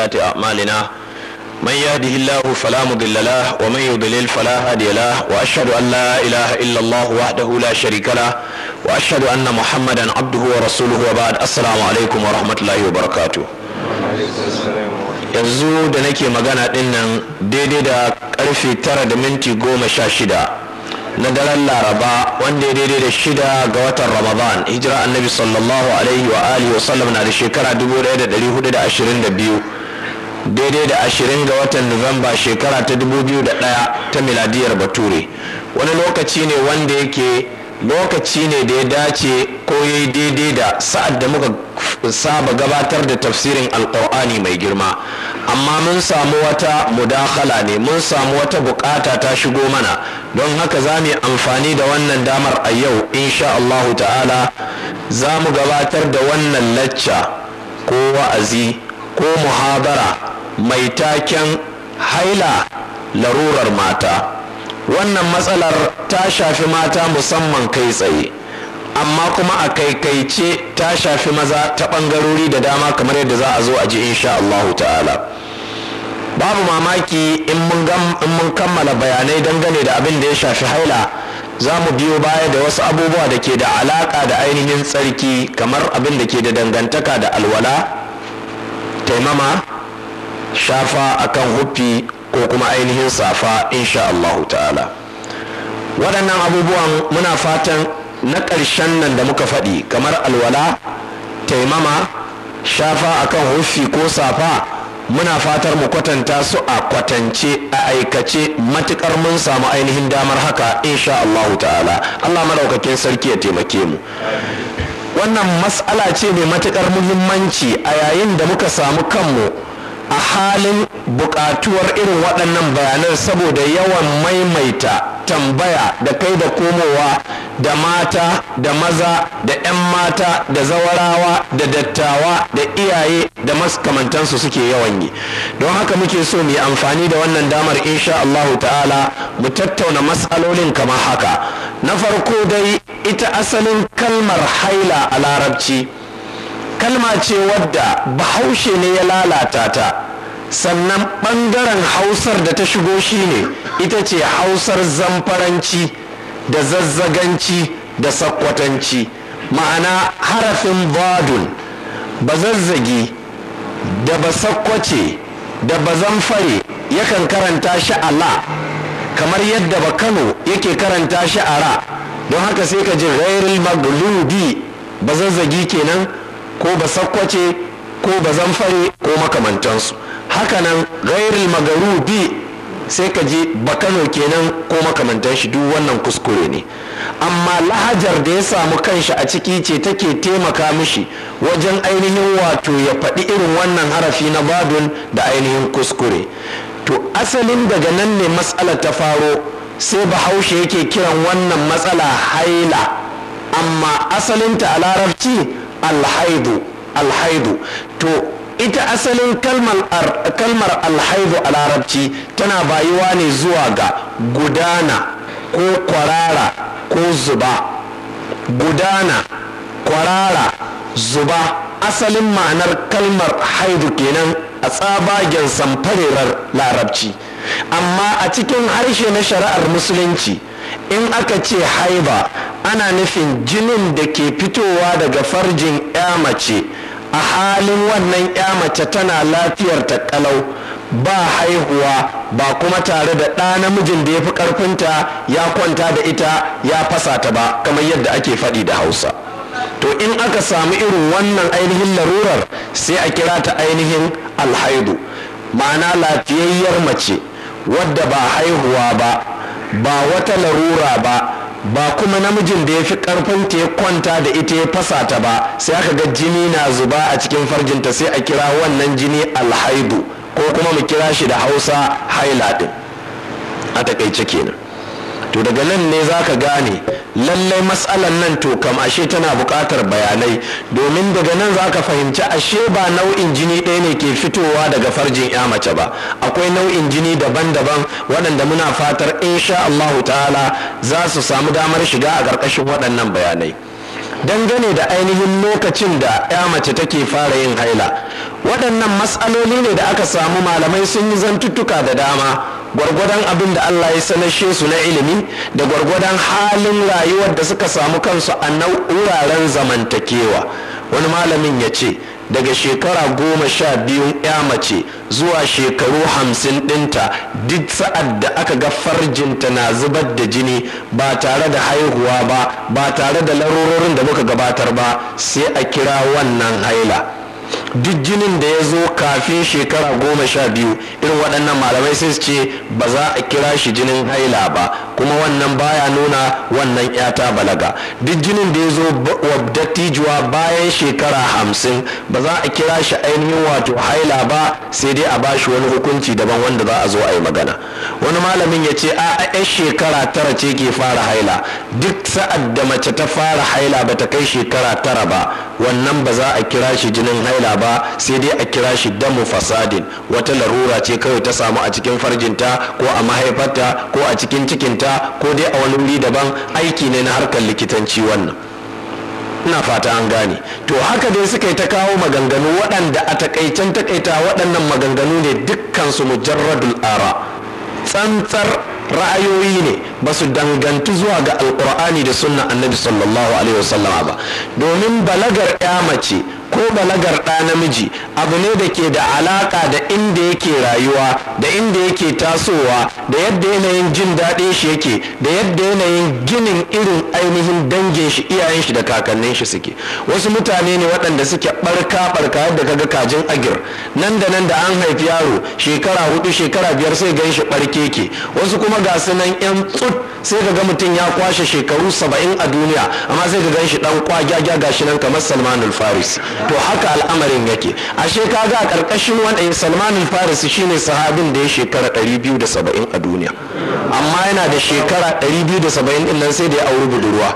سيئات أعمالنا من يهده الله فلا مضل له ومن يضلل فلا هادي له وأشهد أن لا إله إلا الله وحده لا شريك له وأشهد أن محمدا عبده ورسوله وبعد السلام عليكم ورحمة الله وبركاته yanzu da nake magana dinnan daidai da karfe tara da minti goma sha shida na daren laraba wanda ya daidai da shida ga watan ramadan hijira annabi sallallahu alaihi wa alihi wa sallam na da shekara 1422 daidai da ashirin ga watan nuwamba shekara ta da 2001 ta miladiyar bature wani lokaci ne wanda yake lokaci ne da ya dace ko ya yi daidai da sa'ad da muka saba gabatar da tafsirin alkur'ani mai girma amma mun samu wata mudakala ne mun samu wata bukata ta shigo mana don haka za mu amfani da wannan damar a yau insha Allahu ta'ala za mu gabatar da wannan lacca ko wa'azi ko muhabara mai taken haila larurar mata wannan matsalar ta shafi mata musamman kai tsaye amma kuma a kaikaice ta shafi maza ta ɓangarori da dama kamar yadda za a zo a ji insha allah ta'ala babu mamaki in mun kammala bayanai dangane da abin da ya shafi haila za mu biyo baya da wasu abubuwa da ke da alaƙa da ainihin tsarki kamar abin da ke da dangantaka da alwala taimama shafa akan hufi ko kuma ainihin safa insha Allah ta'ala waɗannan abubuwan muna fatan na ƙarshen nan da muka faɗi kamar alwala taimama shafa akan hufi ko safa muna fatar mu kwatanta su a kwatance a aikace matukar mun samu ainihin damar haka insha Allah ta'ala Allah maɗaukakin sarki ya taimake mu wannan mas'ala ce mai matuƙar muhimmanci a yayin da muka samu kanmu a halin buƙatuwar irin waɗannan bayanan saboda yawan maimaita tambaya da kai da komowa da mata da maza da 'yan mata da zawarawa da dattawa da iyaye da makamantansu suke yawan yi don haka muke so mu yi amfani da wannan damar insha Allahu ta'ala mu tattauna matsalolin kamar haka na farko dai ita asalin kalmar haila a larabci kalma ce wadda bahaushe ne ya lalata ta sannan ɓangaren hausar da ta shigo shi ne ita ce hausar zamfaranci da zazzaganci da Sakwatanci, ma'ana harafin badun ba zazzagi da ba sakkwace da ba zamfare yakan karanta shi a kamar yadda ba kano yake karanta shi a ra don haka sai ka ji ghairul maglubi ba zazzagi kenan ko ba sakkwace ko ba zamfare ko makamantansu hakanan gairil magarubi sai ka ji bakano kenan ko makamantan shi duk wannan kuskure ne amma lahajar da ya samu kanshi a ciki ce take taimaka mishi wajen ainihin wato ya faɗi irin wannan harafi na babin da ainihin kuskure to asalin daga nan ne matsala ta faro sai bahaushe yake kiran wannan matsala haila amma asalinta a larabci alhaidu alhaidu to ita asalin kalmar alhaidu a larabci tana bayuwa ne zuwa ga gudana ko kwarara ko zuba gudana kwarara zuba asalin ma'anar kalmar haidu kenan a tsabagen samfarerar larabci amma a cikin harshe na shari'ar musulunci in aka ce haiba ana nufin jinin da ke fitowa daga farjin ya mace a halin wannan ya mace tana lafiyar ta kalau ba haihuwa ba kuma tare da ɗa namijin da ya fi ƙarfinta ya kwanta da ita ya fasa ta ba kamar yadda ake faɗi da hausa to in aka samu irin wannan ainihin larurar sai a kira ta ainihin alhaidu ma'ana lafiyayyar mace wadda ba haihuwa ba ba wata larura ba ba kuma namijin da ya fi karfin ta ya kwanta da ita ya fasa ta ba sai aka ga jini na zuba a cikin farjinta sai a kira wannan jini alhaidu ko kuma mu kira shi da hausa haila din a takaice kenan to daga nan ne za ka gane lallai matsalar nan to kam ashe tana buƙatar bayanai domin daga nan za ka fahimci ashe ba nau'in jini ɗaya ne ke fitowa daga farjin ya mace ba akwai nau'in jini daban-daban waɗanda muna fatar insha Allahu ta'ala za su samu damar shiga a ƙarƙashin waɗannan bayanai dangane da ainihin lokacin da ya mace take fara yin haila waɗannan matsaloli ne da aka samu malamai sun yi zantuttuka da dama gwargwadon abin da Allah ya sanashe su na ilimi da gwargwadon halin rayuwar da suka samu kansu a wuraren zamantakewa wani malamin ya ce daga shekara goma sha biyu ya mace zuwa shekaru hamsin ɗinta duk sa'ad da aka ga farjinta na zubar da jini ba tare da haihuwa ba ba tare da larurorin da muka gabatar ba sai a kira wannan haila duk jinin da ya zo kafin shekara goma sha biyu irin waɗannan malamai sai ce ba za a kira shi jinin haila ba kuma wannan baya nuna wannan yata balaga duk jinin da ya zo wa dattijuwa bayan shekara hamsin ba za a kira shi ainihin wato haila ba sai dai a ba shi wani hukunci daban wanda za a zo a yi magana wani malamin ya ce a yan shekara tara ce ke fara haila duk sa'ad da mace ta fara haila ba ta kai shekara tara ba wannan ba za a kira shi jinin haila ba sai dai a kira shi damu fasadin wata larura ce kawai ta samu a cikin farjinta ko a mahaifarta ko a cikin cikinta ko dai a wani wuri daban aiki ne na harkar likitanci wannan ina fata an gane to haka dai suka yi ta kawo maganganu waɗanda a takaicen takaita waɗannan maganganu ne dukkansu mujarradul ara tsantsar ra'ayoyi ne ba su dangantu zuwa ga alkur'ani da sunna annabi sallallahu alaihi wasallama ba domin balagar ya mace ko balagar ɗa namiji abu ne da ke da alaƙa da inda yake rayuwa da inda yake tasowa da yadda yanayin jin daɗin shi yake da yadda yanayin ginin irin ainihin dangin shi iyayen shi da kakannin shi suke wasu mutane ne waɗanda suke ɓarka ɓarka yadda kaga kajin agir nan da nan da an haifi yaro shekara hudu shekara biyar sai gan shi ɓarke ke wasu kuma ga su nan yan tsut sai ga mutum ya kwashe shekaru saba'in a duniya amma sai ka gan shi ɗan kwagya gashi nan kamar salmanul faris to haka al'amarin yake ashe kaga a karkashin wanda eh, Salman al-Farisi shine sahabin da ya shekara 270 a duniya amma yana da shekara 270 din nan sai da ya auri budurwa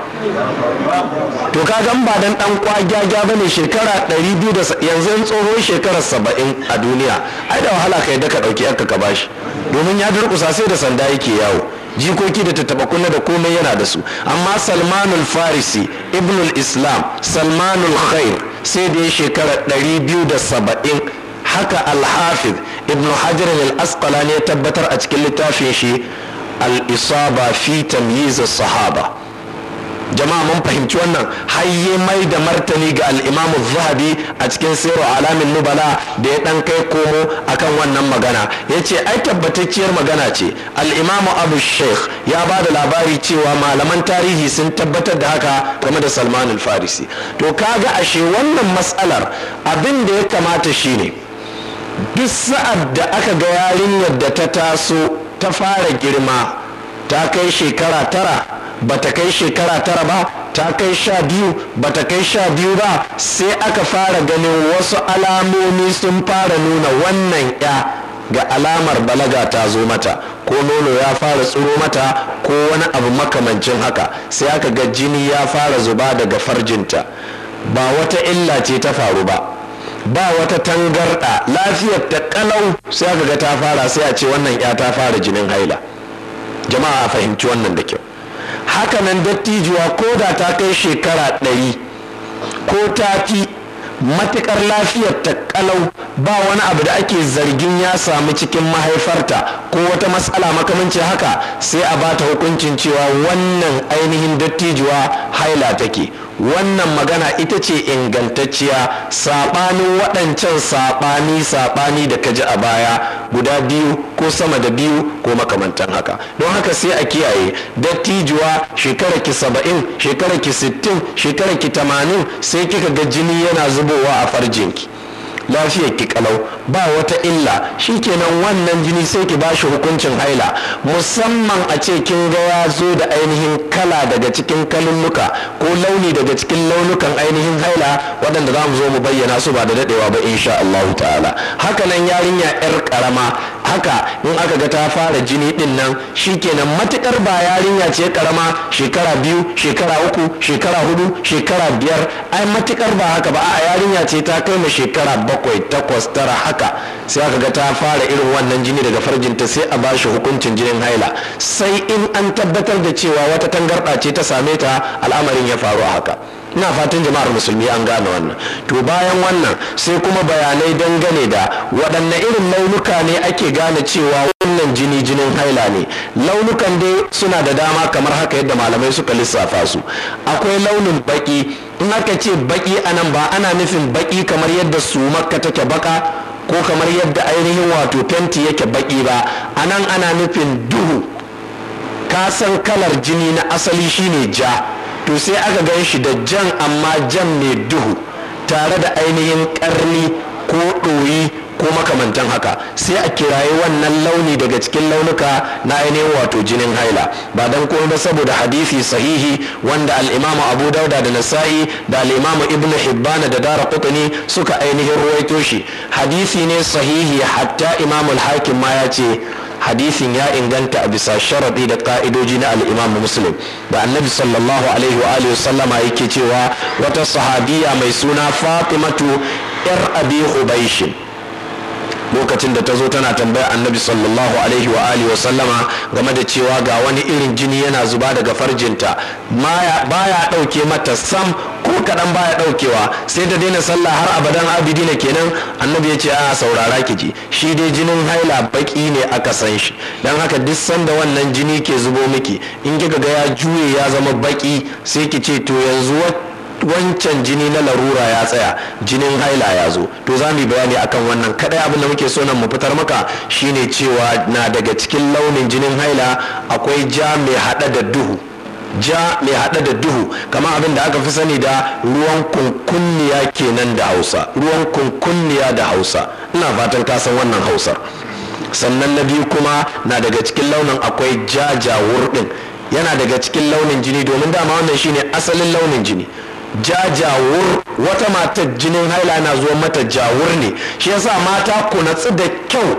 to kaga ba dan dan kwagyaja bane shekara 200 yanzu in tsoho shekara 70 a duniya ai da wahala kai da ka dauki aka ka bashi domin ya durkusa sai da sanda yake yawo jikoki da tattaba kuna da komai yana da su amma salmanul farisi ibnul islam salmanul khair sai da ya shekara 270 haka alhafiz ibn hajar al-asqalani ya tabbatar a cikin littafin shi al-isaba fi tamyiz as-sahaba jama'a mun fahimci wannan har hayye mai da martani ga al'imamu zahabi a cikin siro alamin nubala da ya dan kai komo akan wannan magana ya ce ai tabbatacciyar magana ce al'imamu abu sheikh ya ba da labari cewa malaman tarihi sun tabbatar da haka game da salman farisi to ka ga ashe wannan matsalar abin da ya kamata shine duk sa'ad da aka ga yarinyar da ta taso ta fara girma ta kai shekara tara bata kai shekara tara ba ta kai sha biyu bata kai sha biyu ba sai aka fara ganin wasu alamomi sun fara nuna wannan ya ga alamar balaga ta zo mata ko nono ya fara tsiro mata ko wani abu makamancin haka sai aka ga jini ya fara zuba daga farjinta ba wata illa ce ta faru ba ba wata tangarɗa lafiyar ta kalau sai aka ga ta fara sai a ce wannan ya ta fara jinin haila jama'a a fahimci wannan da kyau hakanan dattijuwa ko da ta kai shekara ɗari ko ta fi matukar lafiyar ta ƙalau ba wani abu da ake zargin ya samu cikin mahaifarta ko wata matsala makamancin haka sai a bata hukuncin cewa wannan ainihin dattijuwa haila take wannan magana ita ce ingantacciya saɓanin waɗancan saɓani saɓani da ka ji a baya guda biyu ko sama da biyu ko makamantan haka don haka sai a kiyaye dattijuwa shekara ki saba'in shekara ki sittin shekara ki tamanin sai kika ga jini yana zubowa a farjinki lafiyar ki kalau ba wata illa shi shikenan wannan jini sai ki bashi hukuncin haila musamman a ce kin ga ya zo da ainihin kala daga cikin kalulluka ko launi daga cikin launukan ainihin haila waɗanda za mu zo mu bayyana su ba da daɗewa ba insha Allah ta'ala nan yarinya 'yar ƙarama haka in aka ga ta fara jini din nan shikenan matukar ba yarinya ce karama shekara biyu shekara uku shekara hudu shekara biyar ai matukar ba haka ba a yarinya ce ta kai ma shekara bakwai takwas tara haka sai aka ga ta fara irin wannan jini daga farjinta sai a bashi hukuncin jinin haila sai in an tabbatar da cewa wata tangarɗa ce ta same ta al'amarin ya faru a haka ina fatan jama'ar musulmi an gane wannan to bayan wannan sai kuma bayanai dangane da waɗanne irin launuka ne ake gane cewa wannan jini jinin haila ne launukan dai suna da dama kamar haka yadda malamai suka lissafa su akwai launin baki in aka ce baki anan ba ana nufin baki kamar yadda su makka take baka ko kamar yadda ainihin wato fenti yake baki ba anan ana nufin duhu ka san kalar jini na asali shine ja to sai aka gan shi da jan amma jan ne duhu tare da ainihin karni ko ɗoyi ko makamantan haka sai a kirayi wannan launi daga cikin launuka na ainihin wato jinin haila ba dan komai ba saboda hadisi sahihi wanda al-imamu abu dauda da nasa'i da al-imamu ibn hibbana da dara kutani suka ainihin ruwaito shi hadisi ne sahihi hatta imamul hakim ma ya ce hadisin ya inganta a bisa sharaɗi da ka'idoji na alimam muslim da annabi sallallahu alaihi wa alihi sallama yake cewa wata sahabiya mai suna fatimatu yar abi hubaishin lokacin da ta zo tana tambayar annabi sallallahu alaihi wa alihi wa sallama game da cewa ga wani irin jini yana zuba daga farjinta baya ɗauke mata sam ko kaɗan baya ɗaukewa sai ta daina sallah har abadan abidina kenan annabi ya ce a saurara ki ji shi dai jinin haila baki ne aka san shi don haka duk sanda wannan jini ke zubo miki in kika ga ya juye ya zama baki sai ki ce to yanzu wancan jini na larura ya tsaya jinin haila ya zo to za mu yi bayani akan wannan kadai abin da muke so nan mu fitar maka shine cewa na daga cikin launin jinin haila akwai ja mai hada da duhu ja mai hada da duhu kamar abin da aka fi sani da ruwan kunkunniya kenan da hausa ruwan kunkunniya da hausa ina fatan ka san wannan hausar sannan na biyu kuma na daga cikin launin akwai jaja din yana daga cikin launin jini domin dama wannan shine asalin launin jini jajawur wata matar jinin haila na zuwa mata jawur ne shi yasa mata ku natsu da kyau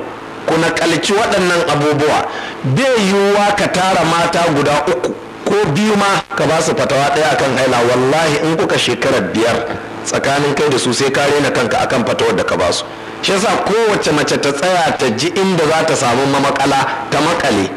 ku nakalci waɗannan abubuwa bai yiwuwa ka tara mata guda uku ko biyu ma ka ba su fatawa ɗaya akan haila wallahi in kuka shekarar biyar tsakanin kai da su sai ka rena kanka akan fatawar da ka ba su shi yasa kowace mace ta tsaya ta ji inda za ta samu mamakala ta makale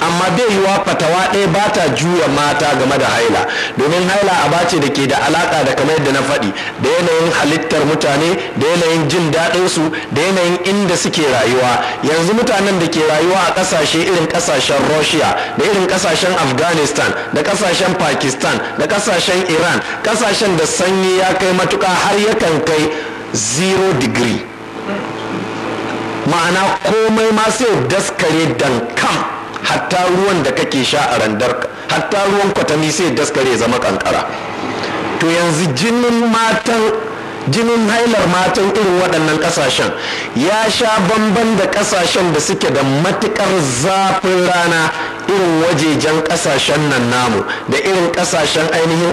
amma bai yi wa fatawa ɗaya ba ta juya mata game da haila domin haila a bace da ke da alaƙa da kamar yadda na faɗi da yanayin halittar mutane da yanayin jin daɗinsu da yanayin inda suke rayuwa yanzu mutanen da ke rayuwa a ƙasashe irin ƙasashen russia da irin ƙasashen afghanistan da ƙasashen pakistan da ƙasashen iran ƙasashen da sanyi ya kai matuƙa har yakan kai zero degree ma'ana komai ma sai daskare dankam hatta ruwan da kake sha a randar hatta ruwan kwatami sai daskare zama kankara to yanzu jinin matan jinin hailar matan irin waɗannan ƙasashen ya sha bamban da ƙasashen da suke da matuƙar zafin rana irin wajejen ƙasashen nan namu da irin ƙasashen ainihin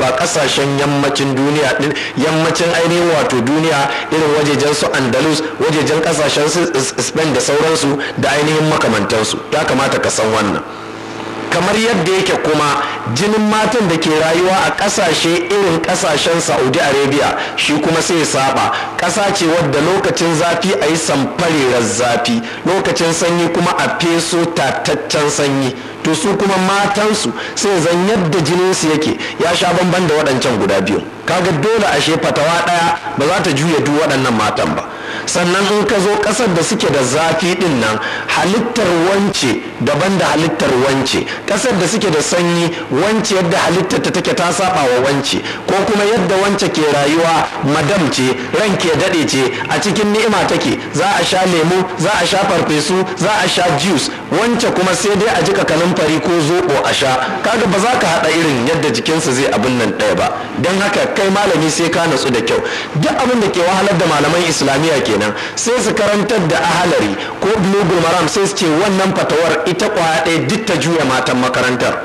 ba ƙasashen yammacin duniya ɗin yammacin ainihin wato duniya irin wajejen su andalus wajejen ƙasashen su spain da sauransu da ainihin makamantansu ya kamata ka san wannan kamar yadda yake kuma jinin matan da ke rayuwa a kasashe irin kasashen saudi arabia shi kuma sai saba ƙasa ce wadda lokacin zafi a yi samfarerar zafi lokacin sanyi kuma a feso tataccen sanyi to su kuma matansu sai zan yadda jininsu yake ya sha bamban da waɗancan guda biyu kaga dole ashe fatawa ɗaya ba za ta juya duk waɗannan matan ba sannan in ka zo ƙasar da suke da zafi ɗin nan halittar wance daban da halittar wance ƙasar da suke da sanyi wance yadda halittar ta take ta saba wa wance ko kuma yadda wance ke rayuwa madam ce ran ke daɗe ce a cikin ni'ima take za a sha lemu za a sha farfesu za a sha juice wance kuma sai dai a jika kanumfari ko zoɓo a sha kaga ba za ka haɗa irin yadda jikinsa zai abin nan ɗaya ba don haka kai malami sai ka natsu da kyau duk abin da ke wahalar da malaman islamiyya kenan sai su karantar da ahalari ko global maram sai su ce wannan fatawar ita kwaya ɗaya duk ta juya matan makarantar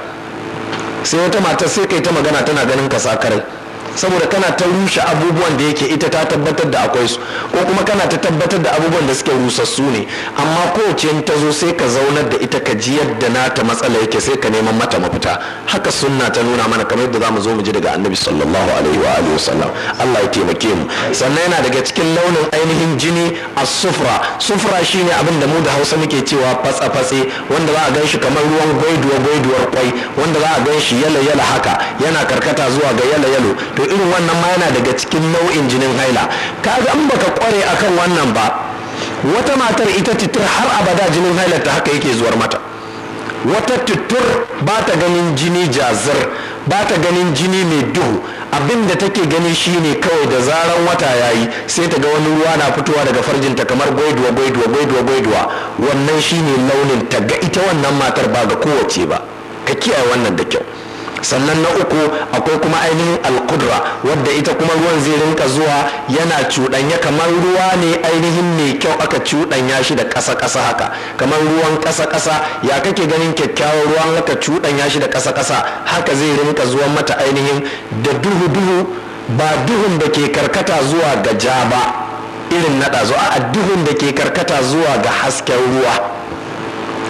sai wata mata sai kai ta magana tana ganin ka karai saboda kana ta rushe abubuwan da yake ita ta tabbatar da akwai su ko kuma kana ta tabbatar da abubuwan da suke rusassu ne amma kowace ta zo sai ka zaunar da ita ka ji yadda na ta matsala yake sai ka neman mata mafita haka sunna ta nuna mana kamar yadda zamu zo mu ji daga annabi sallallahu alaihi wa alihi wasallam Allah ya taimake mu sannan yana daga cikin launin ainihin jini as-sufra sufra shine abin da mu da Hausa muke cewa fatsa fatse wanda za a gan kamar ruwan goiduwa gwaiduwar kwai wanda za a gan shi yala yalo haka yana karkata zuwa ga yala yalo to irin wannan ma yana daga cikin nau'in jinin haila ka ga in baka kware akan wannan ba wata matar ita titir har abada jinin haila ta haka yake zuwar mata wata tutur ba ta ganin jini jazir ba ta ganin jini mai duhu abin da take gani shine kawai da zaran wata yayi sai ta ga wani ruwa na fitowa daga farjin ta kamar gwaiduwa gwaiduwa gwaiduwa gwaiduwa wannan shine launin ta ga ita wannan matar ba ga kowace ba ka kiyaye wannan da kyau sannan na uku akwai kuma ainihin alkudra wadda ita kuma ruwan zai rinka zuwa yana cuɗanya kamar ruwa ne ainihin mai kyau aka cuɗanya shi da ƙasa-ƙasa haka kamar ruwan ƙasa-ƙasa ya kake ganin kyakkyawan ruwan aka cuɗanya shi da ƙasa-ƙasa haka zai rinka zuwa mata ainihin da duhu-duhu ba duhun da ke karkata zuwa ga ja ba irin na ɗazu a duhun da ke karkata zuwa ga hasken ruwa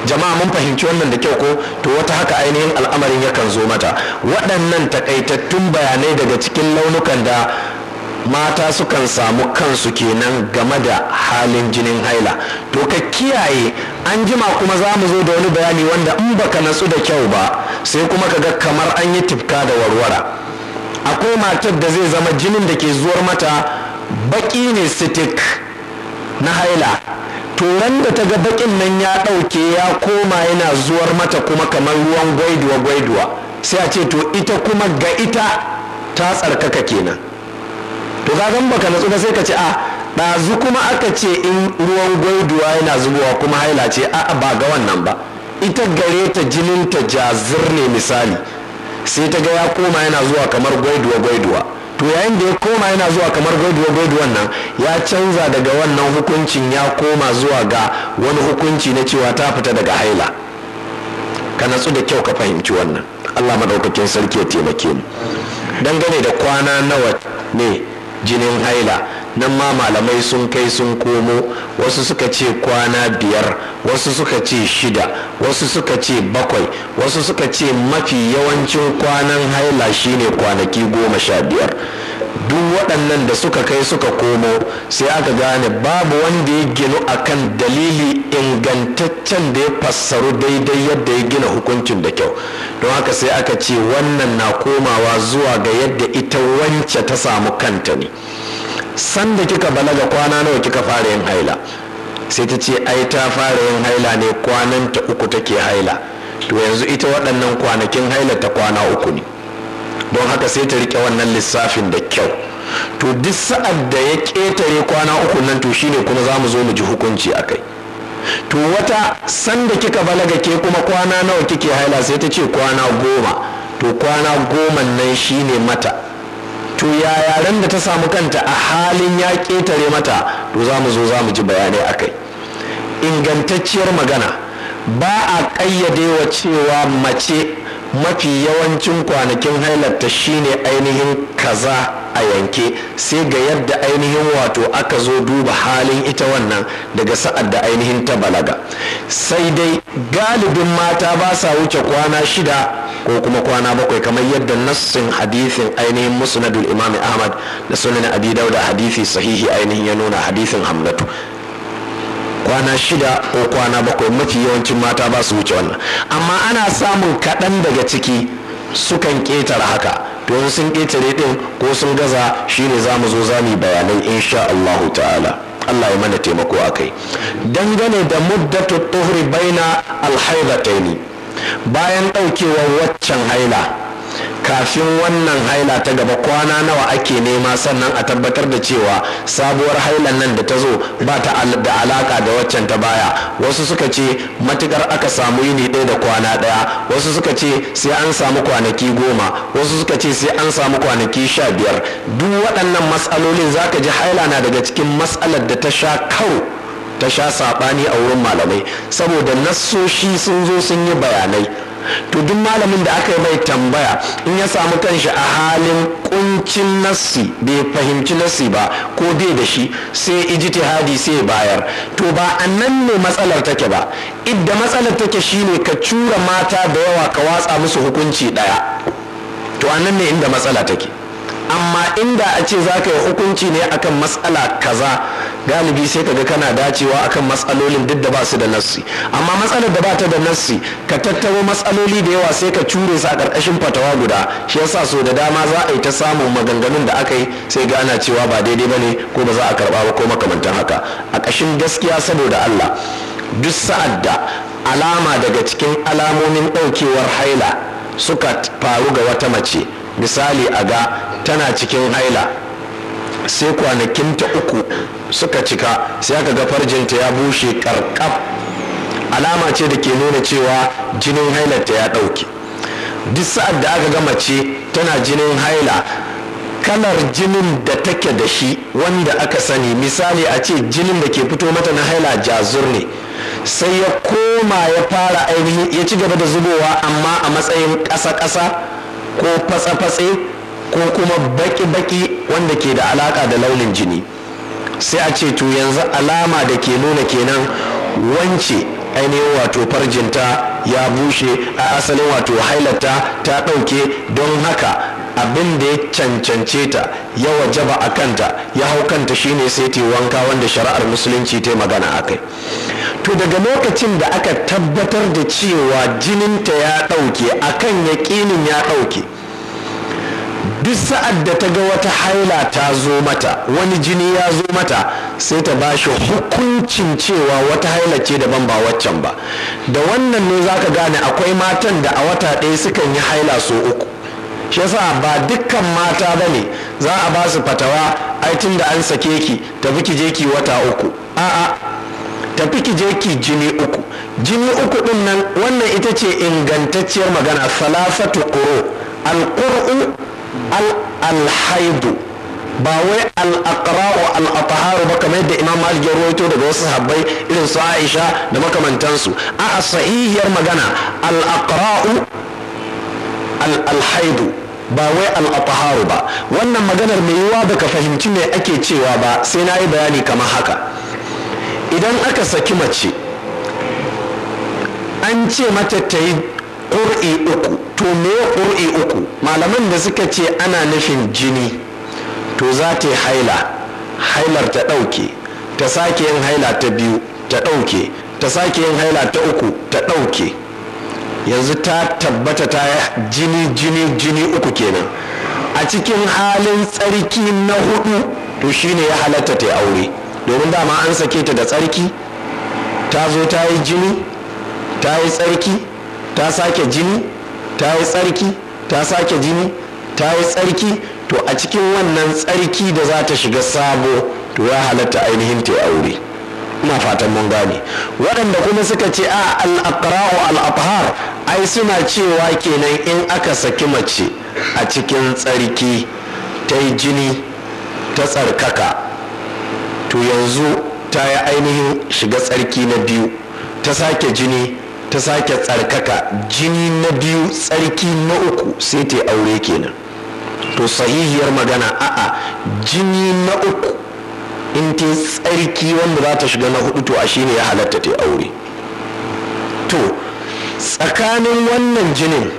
jama'a mun fahimci wannan da kyau ko to wata haka ainihin al'amarin yakan zo mata waɗannan takaitattun bayanai daga cikin launukan da mata sukan samu kansu kenan game da halin jinin haila to ka kiyaye an jima kuma za mu zo da wani bayani wanda in baka natsu da kyau ba sai kuma ka ga kamar an yi tifka da warwara akwai matar da zai zama jinin da ke zuwar mata baki ne sitik na haila to wanda ta ga bakin nan ya ɗauke ya koma yana zuwar mata kuma kamar ruwan gwaiduwa gwaiduwa sai a ce to ita kuma ga ita ta tsarkaka kenan to ka gan baka natsu ba sai ka ce a ɗazu kuma aka ce in ruwan gwaiduwa yana zubowa kuma haila ce a ba ga wannan ba ita gare ta jinin ta jazir ne misali sai ta ga ya koma yana zuwa kamar gwaiduwa gwaiduwa to yayin da ya koma yana zuwa kamar gaiduwa gaiduwan nan ya canza daga wannan hukuncin ya koma zuwa ga wani hukunci na cewa ta fita daga haila ka natsu da kyau ka fahimci wannan allah maɗaukakin sarki ya taimake ni dangane da kwana nawa ne jinin haila nan ma malamai sun kai sun komo wasu suka ce kwana biyar wasu suka ce shida wasu suka ce bakwai wasu suka ce mafi yawancin kwanan haila shine kwanaki goma sha biyar duk waɗannan da suka kai suka komo sai aka gane babu wanda ya ginu akan dalili ingantaccen da ya fassaru daidai yadda ya gina hukuncin da kyau don haka sai aka ce wannan na komawa zuwa ga yadda ita wance ta samu kanta ne sanda kika balaga kwana nawa kika fara yin haila sai ta ce ai ta fara yin haila ne kwanan ta uku take haila to yanzu ita waɗannan kwanakin haila ta kwana uku ne don haka sai ta rike wannan lissafin da kyau to duk sa'ad da ya ƙetare kwana uku nan to shine kuma za mu zo mu ji hukunci a kai to wata sanda kika balaga ke kuma kwana nawa kike haila sai ta ce kwana goma to kwana goma nan shine mata to ya yaren da ta samu kanta a halin ya ketare mata to za mu zo za mu ji bayanai a kai ingantacciyar magana ba a ƙayyadewa cewa mace mafi yawancin kwanakin hailarta shine ainihin kaza a yanke sai ga yadda ainihin wato aka zo duba halin ita wannan daga sa'ad da ainihin ta balaga sai dai galibin mata ba sa wuce kwana shida ko kuma kwana bakwai kamar yadda nassin hadithin ainihin musnadul imam ahmad da sunan abi dauda hadithi sahihi ainihin ya nuna hadithin hamlatu kwana shida ko kwana bakwai mafi yawancin mata ba su wuce wannan amma ana samun kaɗan daga ciki sukan ƙetare haka to sun ƙetare ɗin ko sun gaza shine za mu zo za mu yi bayanai insha allahu ta'ala Allah ya mana taimako a kai dangane da muddatu tuhri baina alhaidataini bayan ɗaukewar waccan haila kafin wannan haila ta gaba kwana nawa ake nema sannan a tabbatar da cewa sabuwar hailan nan da ta zo ba ta da alaka da waccan ta baya wasu suka ce matukar aka samu yini ɗaya da kwana ɗaya wasu suka ce sai an samu kwanaki goma wasu suka ce sai an samu kwanaki sha biyar duk waɗannan matsalolin za ka ji haila na daga cikin matsalar da ta sha karo ta sha saɓani a wurin malamai saboda nassoshi sun zo sun yi bayanai to duk malamin da aka yi bai tambaya in ya samu kanshi a halin kuncin nassi bai fahimci nassi ba ko bai da shi sai ijtihadi sai bayar to ba annan ne matsalar take ba idda matsalar take shine ka cura mata da yawa ka watsa musu hukunci ɗaya. to annan ne inda matsala take amma inda a ce za ka yi hukunci ne akan matsala kaza galibi sai ka ga kana dacewa akan matsalolin duk da ba su da nassi amma matsalar da ba ta da nassi ka tattaro matsaloli da yawa sai ka cure su a ƙarƙashin fatawa guda shi yasa so da dama za a yi ta samun maganganun da aka yi sai ga cewa ba daidai ba ne ko ba za a karɓa ba ko makamantan haka a ƙashin gaskiya saboda Allah duk sa'ad da alama daga cikin alamomin ɗaukewar haila suka faru ga wata mace misali a ga tana cikin haila sai kwanakinta uku suka cika sai aka ga farjinta ya bushe karkar alama ce da ke nuna cewa jinin ta ya ɗauke duk sa'ad da aka gama ce tana jinin haila kalar jinin da take da shi wanda aka sani misali a ce jinin da ke fito mata na haila jazur ne sai ya koma ya fara ainihin ya ci gaba da zubowa amma a matsayin ƙasa-ƙasa ko fatsa-fatse ko kuma baki-baki wanda ke da alaka da launin jini sai a ce to yanzu alama da ke nuna kenan wance ainihin wato farjinta ya bushe a asalin wato hailata ta ɗauke don haka abin da ya cancance ta ya wajaba a kanta ya hau kanta shine sai ta wanka wanda shari'ar musulunci ta magana a kai to daga lokacin da aka tabbatar da cewa jininta ya ɗauke akan yaƙinin ya ɗauke duk sa'ad da ta ga wata haila ta zo mata wani jini ya zo mata sai ta ba shi hukuncin cewa wata haila ce daban ba waccan ba da wannan ne za ka gane akwai matan da a wata ɗaya sukan yi haila so uku shi yasa ba dukkan mata ba ne za a ba su fatawa ai tun da an sake ki tafi ki je ki wata uku a'a tafi ki je ki jini uku jini uku din nan wannan ita ce ingantacciyar magana salafatu quru al alalhaidu ba wai al'aqra wa ba kamar yadda Imam Malik ya daga wasu sahabbai irin su Aisha da makamantansu A'a sahihiyar magana al alalhaidu al ba wai al ba wannan maganar mai yiwuwa baka fahimci me ake cewa ba sai na yi bayani kamar haka idan aka saki mace an ce mata ta yi ƙur'i uku to me ƙur'i uku malaman da suka ce ana nufin jini to za ta yi haila hailar ta ɗauke ta sake yin haila ta biyu ta ɗauke ta sake yin haila ta uku ta ɗauke yanzu ta tabbata ta jini jini jini uku kenan a cikin halin tsarki na hudu to shine ya halatta ta aure domin dama an sake ta da tsarki ta zo ta yi jini ta yi tsarki ta sake jini ta yi tsarki ta sake jini ta yi tsarki to a cikin wannan tsarki da za ta shiga sabo to ya halatta ainihin ta aure ina fatan mun gane waɗanda kuma suka ce a al-aqra'u al ai suna cewa kenan in aka saki mace a cikin tsarki ta yi jini ta tsarkaka to yanzu ta yi ainihin shiga tsarki na biyu ta sake jini ta sake tsarkaka jini na biyu tsarki na uku sai ta aure kenan to sahihiyar magana a'a jini na uku in ta tsarki wanda za ta shiga na hudu to a shine ya halatta ta aure to tsakanin wannan jinin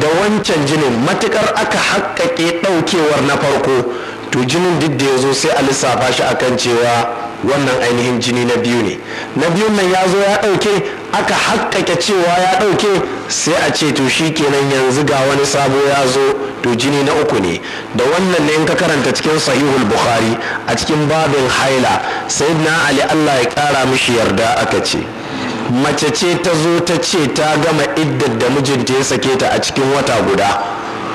da wancan jinin matukar aka haƙaƙe ɗaukewar na farko to jinin duk da ya zo sai a lissafa shi a kan cewa wannan ainihin jini na biyu ne na biyun nan ya zo ya ɗauke aka haƙƙaƙe cewa ya ɗauke sai a ce to shi kenan yanzu ga wani sabo ya zo to jini na uku ne da wannan ne in ka karanta cikin sahihul bukhari a cikin babin haila sai na ali allah ya kara mishi yarda aka ce mace ce ta zo ta ce ta gama iddar da mijinta ya sake ta a cikin wata guda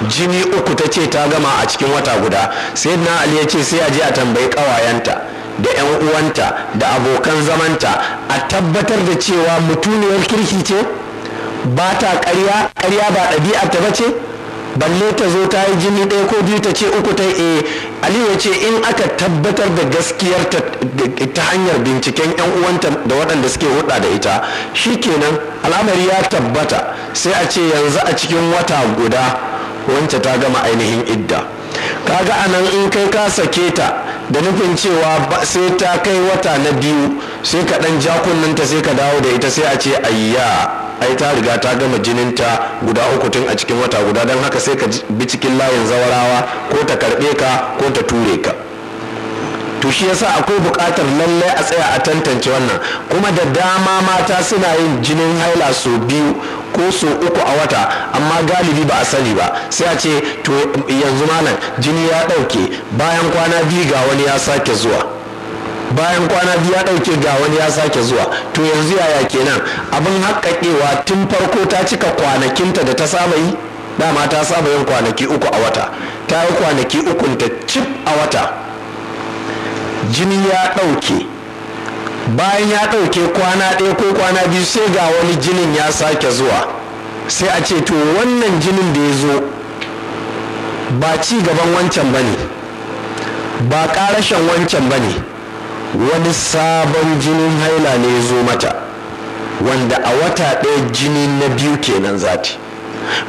jini uku ta ce ta gama a cikin wata guda sai na ali ya ce sai a je a tambayi kawayenta da 'yan uwanta da abokan zamanta a tabbatar da cewa mutuniyar kirki ce ba ta ƙarya ƙarya ba ɗabi'ar ta bace balle ta zo ta yi jini ɗaya ko biyu ta ce uku ta e aliyu ya ce in aka tabbatar da gaskiyar ta hanyar binciken yan uwanta da waɗanda suke hudda da ita shi kenan al'amari ya tabbata sai a ce yanzu a cikin wata guda wancan ta gama ainihin idda kaga anan in kai ka sake ta da nufin cewa sai ta kai wata na biyu sai ka dan ja ta sai ka dawo da ita sai a ce ayya ai ta riga ta gama jinin ta guda uku tun a cikin wata guda don haka sai ka bi cikin layin zawarawa ko ta karbe ka ko ta ture ka to shi yasa akwai buƙatar lallai a tsaya a tantance wannan kuma da dama mata suna yin jinin haila sau biyu ko so uku a wata amma galibi ba a sani ba sai a ce to yanzu malam jini ya ɗauke bayan kwana biyu ga wani ya sake zuwa bayan kwana biyu ya ɗauke ga wani ya sake zuwa to yanzu yaya kenan abin haƙaƙewa tun farko ta cika kwanakinta da ta saba yi dama ta saba yin kwanaki uku a wata ta yi kwanaki ukun ta cif a wata jini ya ɗauke bayan ya ɗauke kwana ɗaya ko kwana biyu sai ga wani jinin ya sake zuwa sai a ce to wannan jinin da ya zo ba ci gaban wancan ba ne ba ƙarashen wancan ba ne wani sabon jinin haila ne ya zo mata wanda a wata ɗaya jini na biyu kenan zati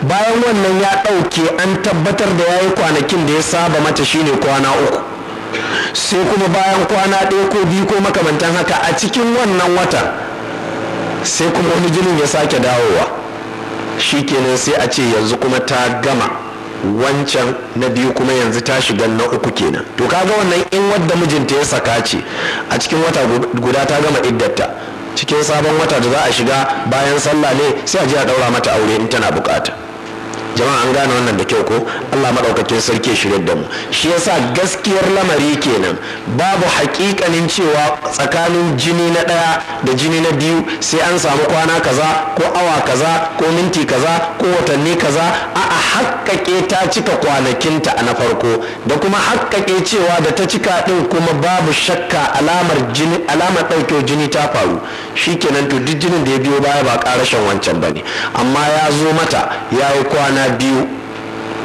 bayan wannan ya ɗauke an tabbatar da ya yi kwanakin da ya saba mata shine kwana uku sai kuma bayan kwana ɗaya ko biyu ko makamantan haka a cikin wannan wata sai kuma wani jinin ya sake dawowa shi kenan sai a ce yanzu kuma ta gama wancan na biyu kuma yanzu ta shiga na uku kenan to kaga wannan in wadda mijinta ya saka ce a cikin wata guda ta gama iddata cikin sabon wata da za a shiga bayan sallah ne sai a je a daura mata aure in tana bukata jama'a an gane wannan da kyau ko Allah madaukakin sarki shirye da mu shi yasa gaskiyar lamari kenan babu hakikanin cewa tsakanin jini na ɗaya da jini na biyu sai an samu kwana kaza ko awa kaza ko minti kaza ko watanni kaza a'a a hakkake ta cika kwanakinta a na farko da kuma hakkake cewa da ta cika din kuma babu shakka alamar jini alamar ɗaukewar jini ta faru shikenan to duk jinin da ya biyo baya ba ƙarashin wancan ba ne amma ya zo mata ya yi kwana biyu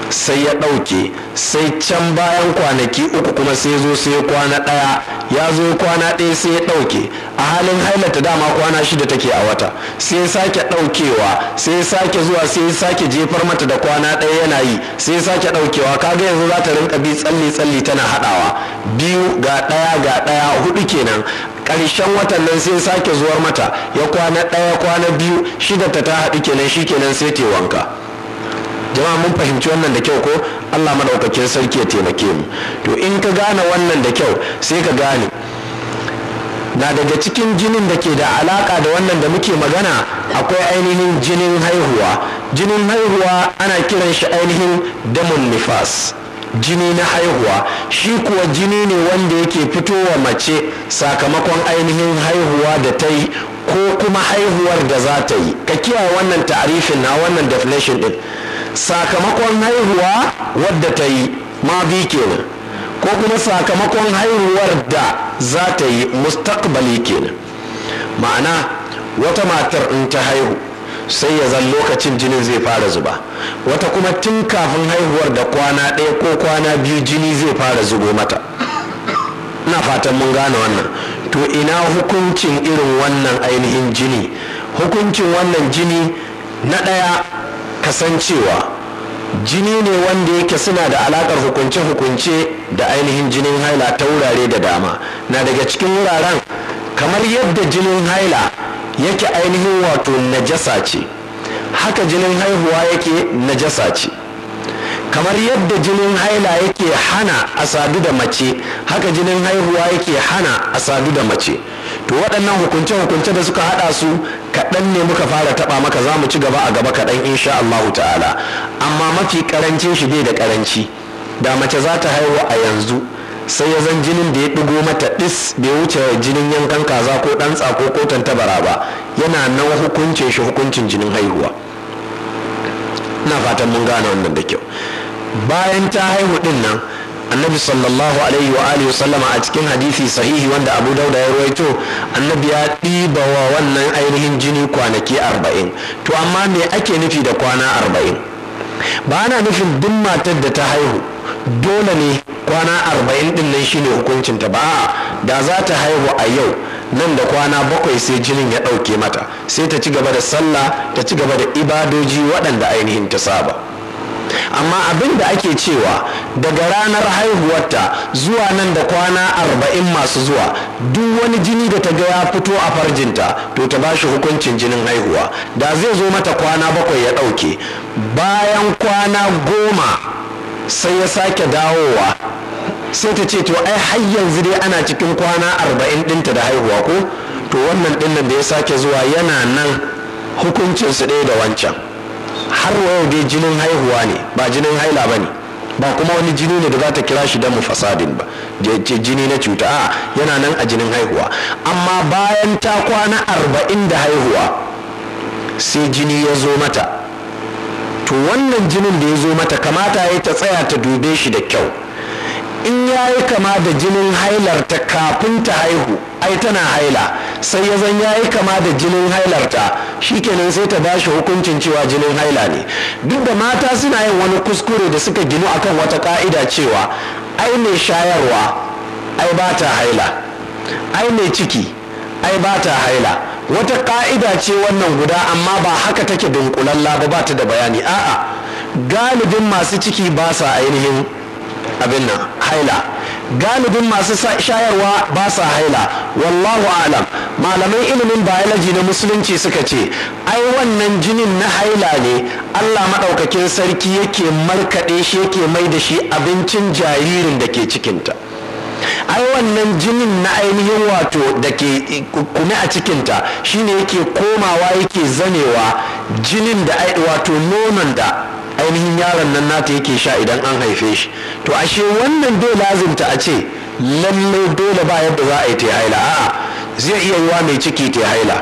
sai ya ɗauke sai can bayan kwanaki uku kuma sai zo sai kwana ɗaya ya zo kwana ɗaya sai ya ɗauke a halin hailata dama kwana shida take a wata sai sake ɗaukewa sai sake zuwa sai sake jefar mata da kwana ɗaya yana yi sai sake ɗaukewa kaga yanzu za ta rinka bi tsalle-tsalle tana haɗawa biyu ga ɗaya ga ɗaya hudu kenan ƙarshen watan nan sai sake zuwar mata ya kwana ɗaya kwana biyu shida ta ta haɗu kenan shi kenan sai ta wanka jama'a mun fahimci wannan da kyau ko Allah madaukakin sarki ya taimake mu to in ka gane wannan da kyau sai ka gane na daga cikin jinin da ke da alaka da wannan da muke magana akwai ainihin jinin haihuwa jinin haihuwa ana kiran shi ainihin damun nifas jini na haihuwa shi kuwa jini ne wanda yake fitowa mace sakamakon ainihin haihuwa da ta yi ko kuma haihuwar da za ta yi ka kiyaye wannan ta'arifin na wannan definition din sakamakon haihuwa wadda ta yi bi kenan ko kuma sakamakon haihuwar da za ta yi mustaqbali kenan ma'ana wata matar in ta haihu sai ya zan lokacin jini zai fara zuba wata kuma tun kafin haihuwar da kwana ɗaya ko kwana biyu jini zai fara zubo mata ina fatan mun gane wannan to ina hukuncin irin wannan ainihin jini hukuncin wannan jini na ɗaya kasancewa jini ne wanda yake suna da alakar hukunce-hukunce da ainihin jinin haila ta wurare da dama na daga cikin wuraren kamar yadda jinin haila yake ainihin wato najasa ce haka jinin haihuwa yake najasa ce kamar yadda jinin haila yake hana a sadu da mace haka jinin haihuwa yake hana a sadu da mace to waɗannan hukunce hukunce da suka haɗa su kaɗan ne muka fara taɓa maka za mu ci gaba a gaba kaɗan insha Allahu ta'ala amma mafi karancin shi bai da karanci da mace za ta haihu a yanzu sai ya zan jinin da ya ɗigo mata ɗis bai wuce jinin yankan kaza ko ɗan tsako ko tantabara ba yana nan hukuncin shi hukuncin jinin haihuwa ina fatan mun gane wannan da kyau bayan ta haihu ɗin nan annabi sallallahu alaihi wa alihi wasallama a cikin hadisi sahihi wanda abu dauda ya ruwaito annabi ya ɗiba wa wannan ainihin jini kwanaki arba'in to amma me ake nufi da kwana arba'in ba ana nufin duk matar da ta haihu dole ne kwana arba'in din nan shine hukuncinta ba da za ta haihu a yau nan da kwana bakwai sai jinin ya ɗauke mata sai ta ci gaba da sallah ta ci gaba da ibadoji waɗanda ainihin ta saba amma abin da ake cewa daga ranar haihuwarta zuwa nan da kwana arba'in masu zuwa duk wani jini da ta ga ya fito a farjinta to ta bashi hukuncin jinin haihuwa da zai zo mata kwana bakwai ya ɗauke bayan kwana goma sai ya sake dawowa sai ta ce to ai har yanzu dai ana cikin kwana arba'in ɗinta da haihuwa ko to wannan ɗinnan da ya sake zuwa yana nan hukuncinsu ɗaya da wancan har wayo dai jinin haihuwa ne ba jinin haila ba ne ba kuma wani jini ne da za ta kira shi da mufasadin ba jini na cuta a yana nan a jinin haihuwa amma bayan ta kwana arba'in da haihuwa sai jini ya zo mata to wannan jinin da ya zo mata kamata ya ta tsaya ta dube shi da kyau in ya yi kama da jinin hailarta kafin ta haihu ai tana haila sai ya zan ya yi kama da jinin hailarta kenan sai ta ba shi hukuncin cewa jinin haila ne duk da mata suna yin wani kuskure da suka ginu akan wata ka'ida cewa ai mai shayarwa ai ba ta haila ai mai ciki ai ba ta haila wata ka'ida ce wannan guda amma ba haka take dunkulalla ba ba ta da bayani a'a galibin masu ciki ba sa ainihin abin nan haila galibin masu shayarwa ba sa haila wallahu alam malamai ilimin biology na musulunci suka ce ai wannan jinin na haila ne allah maɗaukakin sarki yake markaɗe shi yake mai da shi abincin jaririn da ke cikinta ai wannan jinin na ainihin wato da ke kume a cikinta shine yake komawa yake zanewa jinin da wato nonon da ainihin yaron nan nata yake sha idan an haife shi to ashe wannan bai lazimta a ce lallai dole ba yadda za a yi ta haila a'a zai iya yiwa mai ciki ta haila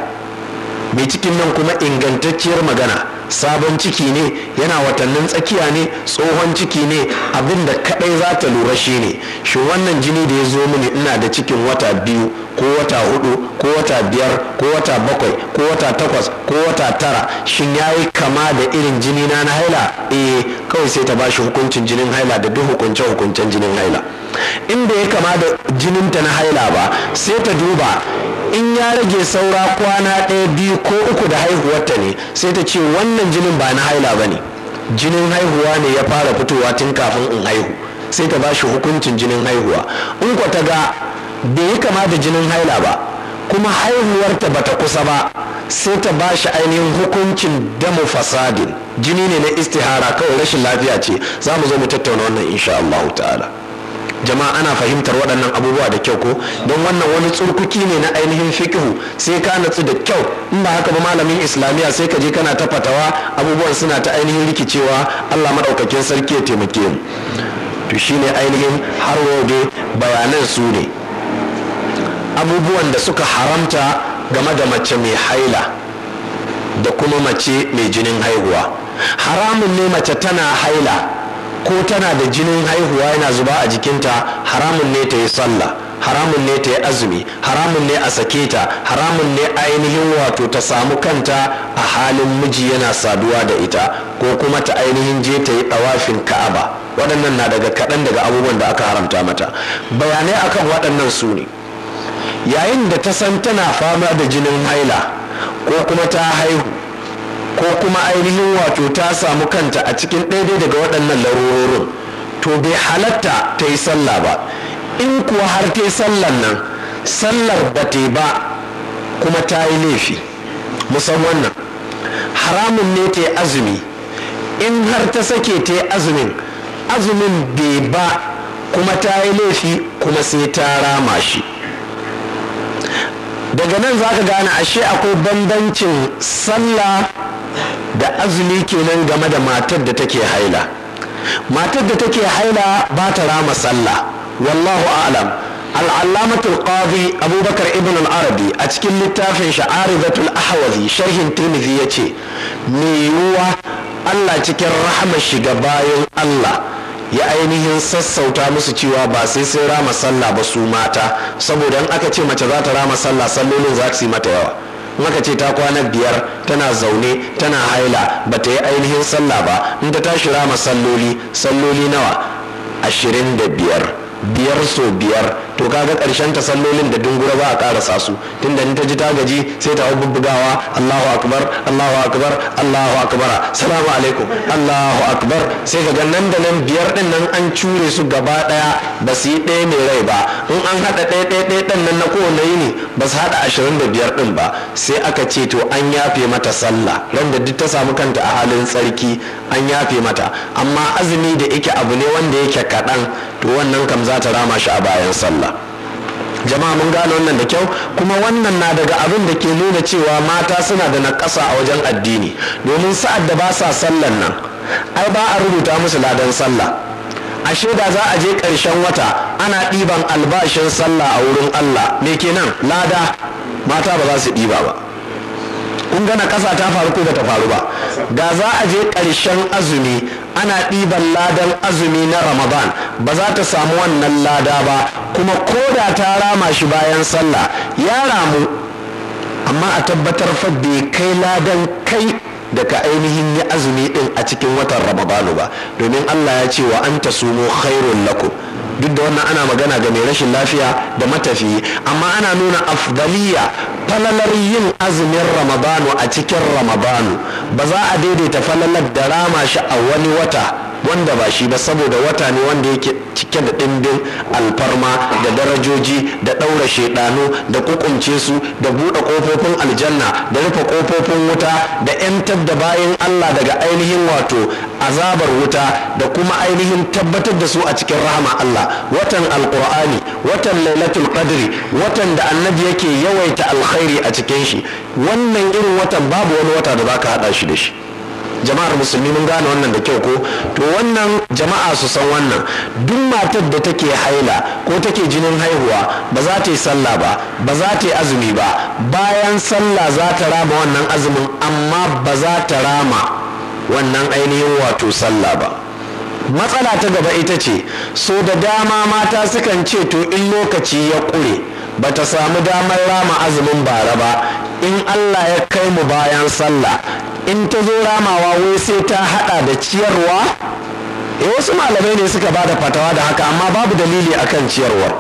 mai cikin nan kuma ingantacciyar magana sabon ciki ne yana watannin tsakiya ne tsohon ciki ne abin da kadai za ta lura shi ne shi wannan jini da ya zo mini ina da cikin wata biyu ko wata hudu ko wata biyar ko wata bakwai ko wata takwas ko wata tara shin ya yi kama da irin jini na na haila eh kawai sai ta bashi hukuncin jinin haila da duk hukunce hukuncen jinin haila in ya kama da jininta na haila ba sai ta duba in ya rage saura kwana ɗaya biyu ko uku da haihuwarta ne sai ta ce wannan jinin ba na haila ba ne jinin haihuwa ne ya fara fitowa tun kafin in haihu sai ta ba shi hukuncin jinin haihuwa in kwa ta ga bai yi kama da jinin haila ba kuma haihuwarta ba ta kusa ba sai ta ba shi ainihin hukuncin damu fasadin jini ne na istihara kawai rashin lafiya ce za mu zo mu tattauna wannan insha Allah ta'ala jama'a ana fahimtar waɗannan abubuwa da kyau ko don wannan wani tsurkuki ne na ainihin fikihu sai ka natsu da kyau in ba haka ba malamin islamiyya sai ka je kana tafatawa abubuwan suna ta ainihin rikicewa allah maɗaukakin sarki ya taimake mu to shine ainihin har dai bayanan su ne abubuwan da suka haramta game da mace mai haila da kuma mace mai jinin haihuwa haramun ne mace tana haila ko tana da jinin haihuwa yana zuba a jikinta haramun ne ta yi sallah haramun ne ta yi azumi haramun ne a sake ta haramun ne ainihin wato ta samu kanta a halin miji yana saduwa da ita ko kuma ta ainihin je ta yi ɗawafin ka'aba waɗannan na daga kaɗan daga abubuwan da aka haramta mata bayanai akan waɗannan su ne yayin da ta san tana fama da jinin haila ko kuma ta haihu ko kuma ainihin wato ta samu kanta a cikin daidai daga waɗannan larurorin to bai halatta ta yi sallah ba in kuwa har ta yi sallar nan sallar ba ta ba kuma ta yi laifi musan wannan haramun ne ta yi azumi in har ta sake ta yi azumin azumin bai ba kuma ta yi laifi kuma sai ta rama shi daga nan za ka gane ashe akwai bambancin sallah da azumi kenan game da matar da take haila matar da take haila ba ta rama sallah wallahu alam al'allamatul qadi abubakar ibn al-arabi a cikin littafin sha'arizatul ahwazi sharhin tirmidhi ya ce mai yiwuwa allah cikin rahamar shiga bayan allah ya ainihin sassauta musu cewa ba sai sai rama sallah ba su mata saboda in aka ce mace za ta rama sallah sallolin za su yi mata yawa maka ce ta kwana biyar tana zaune tana haila ba ta yi ainihin sallah ba in ta tashi rama salloli salloli nawa ashirin da biyar biyar so biyar to kaga karshen ta sallolin da dungura ba a karasa su tunda ni ta ji ta gaji sai ta bugawa Allahu akbar Allahu akbar Allahu akbar salamu alaikum Allahu akbar sai kaga nan da nan biyar din nan an cure su gaba daya ba su yi ɗaya mai rai ba in an haɗa ɗaya ɗaya ɗaya ɗin nan na kowane yini ba su haɗa ashirin da biyar ɗin ba sai aka ce to an yafe mata sallah ran da duk ta samu kanta a halin tsarki an yafe mata amma azumi da yake abu ne wanda yake kaɗan to wannan kam za ta rama shi a bayan sallah jama'a mun gane wannan da kyau kuma wannan na daga abin da ke nuna cewa mata suna da naƙasa a wajen addini domin sa'ad da ba sa sallan nan ai ba a rubuta musu ladan sallah ashe da za a je ƙarshen wata ana ɗiban albashin sallah a wurin Allah me kenan lada mata ba za su ɗiba ba kun gana ƙasa ta faru ko bata faru ba da za a je ƙarshen azumi ana ɗiban ladan azumi na ramadan ba za ta samu wannan lada ba kuma koda ta rama shi bayan sallah ya ramu amma a tabbatar fa bai kai ladan kai daga ainihin yi azumi din a cikin watan ramadanu ba domin allah ya ce wa an ta sumo khairun laku duk da wannan ana magana ga mai rashin lafiya da matafiyi amma ana nuna afdaliya falalar yin azumin ramadanu a cikin ramadanu ba za a daidaita falalar da rama shi a wani wata wanda ba shi ba saboda wata ne wanda yake cike da ɗimbin alfarma da darajoji da ɗaura shaidanu da kukumce su da buɗe kofofin aljanna da rufe kofofin wuta da 'yantar da bayan allah daga ainihin wato azabar wuta da kuma ainihin tabbatar da su a cikin rahama allah watan alkur'ani watan lailatul qadri watan da annabi yake yawaita alkhairi a cikin shi wannan irin watan babu wani wata da za ka haɗa shi da shi jama'ar musulmi mun gane wannan da kyau ko to wannan jama'a su san wannan duk matar da take haila ko take jinin haihuwa ba za ta yi sallah ba ba za ta yi azumi ba bayan sallah za ta rama wannan azumin amma ba za ta rama wannan ainihin wato sallah ba matsala ta gaba ita ce so da dama mata sukan ce to in lokaci ya ƙure ba ta samu damar rama azumin bara ba in allah ya kai mu bayan sallah in ta zo ramawa wai sai ta hada da ciyarwa eh wasu malamai ne suka ba da fatawa da haka amma babu dalili akan ciyarwar